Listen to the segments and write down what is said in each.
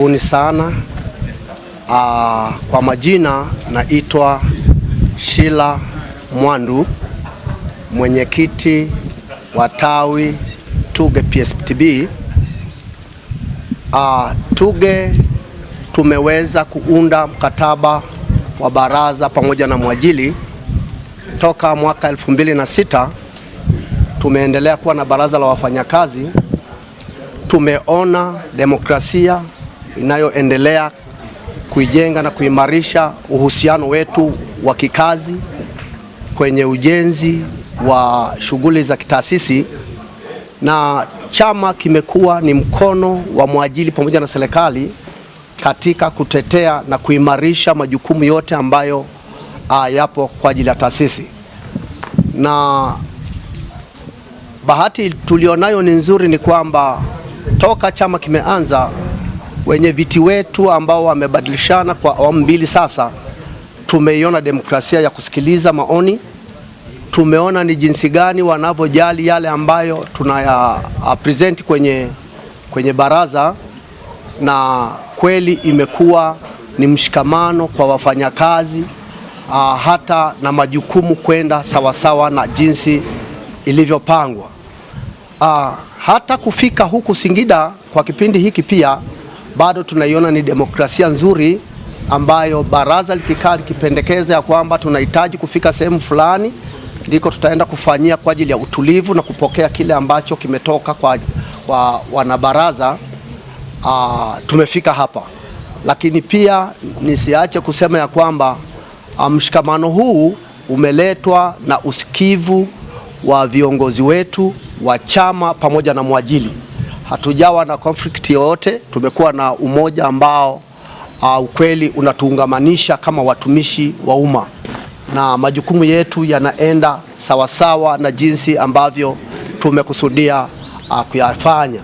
Karibuni sana. Aa, ah, kwa majina naitwa Shila Mwandu, mwenyekiti wa tawi Tuge PSPTB. Aa, ah, Tuge tumeweza kuunda mkataba wa baraza pamoja na mwajili toka mwaka 2006 tumeendelea kuwa na baraza la wafanyakazi. Tumeona demokrasia inayoendelea kuijenga na kuimarisha uhusiano wetu wa kikazi kwenye ujenzi wa shughuli za kitaasisi, na chama kimekuwa ni mkono wa mwajili pamoja na serikali katika kutetea na kuimarisha majukumu yote ambayo a, ah, yapo kwa ajili ya taasisi. Na bahati tulionayo ni nzuri, ni kwamba toka chama kimeanza wenye viti wetu ambao wamebadilishana kwa awamu mbili sasa, tumeiona demokrasia ya kusikiliza maoni. Tumeona ni jinsi gani wanavyojali yale ambayo tunaya present kwenye, kwenye baraza, na kweli imekuwa ni mshikamano kwa wafanyakazi uh, hata na majukumu kwenda sawasawa na jinsi ilivyopangwa. Uh, hata kufika huku Singida kwa kipindi hiki pia bado tunaiona ni demokrasia nzuri ambayo baraza likikaa likipendekeza ya kwamba tunahitaji kufika sehemu fulani, ndiko tutaenda kufanyia kwa ajili ya utulivu na kupokea kile ambacho kimetoka kwa wa, wanabaraza. Aa, ah, tumefika hapa, lakini pia nisiache kusema ya kwamba ah, mshikamano huu umeletwa na usikivu wa viongozi wetu wa chama pamoja na mwajili hatujawa na conflict yoyote. Tumekuwa na umoja ambao uh, ukweli unatuungamanisha kama watumishi wa umma na majukumu yetu yanaenda sawasawa na jinsi ambavyo tumekusudia uh, kuyafanya.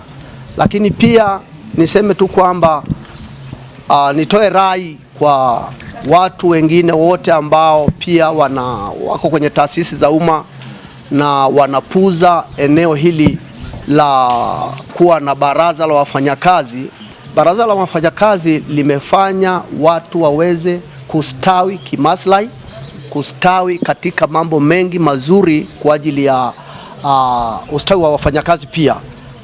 Lakini pia niseme tu kwamba uh, nitoe rai kwa watu wengine wote ambao pia wana, wako kwenye taasisi za umma na wanapuza eneo hili la kuwa na baraza la wafanyakazi. Baraza la wafanyakazi limefanya watu waweze kustawi kimaslahi, kustawi katika mambo mengi mazuri kwa ajili ya uh, ustawi wa wafanyakazi pia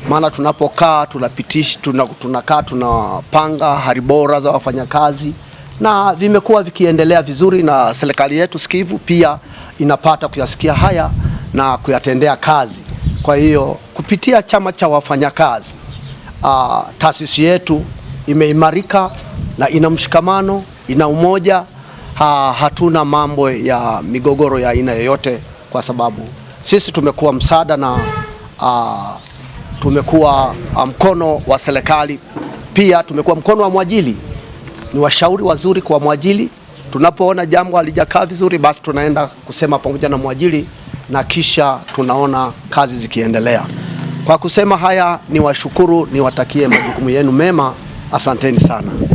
maana tunapokaa tunapitishi tunakaa tunapanga hali bora za wafanyakazi, na vimekuwa vikiendelea vizuri, na serikali yetu sikivu pia inapata kuyasikia haya na kuyatendea kazi. Kwa hiyo kupitia chama cha wafanyakazi uh, taasisi yetu imeimarika na ina mshikamano, ina umoja ha, ah, hatuna mambo ya migogoro ya aina yoyote, kwa sababu sisi tumekuwa msaada na uh, tumekuwa mkono wa serikali, pia tumekuwa mkono wa mwajili. Ni washauri wazuri kwa mwajili, tunapoona jambo halijakaa vizuri, basi tunaenda kusema pamoja na mwajili na kisha tunaona kazi zikiendelea. Kwa kusema haya, niwashukuru, niwatakie majukumu yenu mema. Asanteni sana.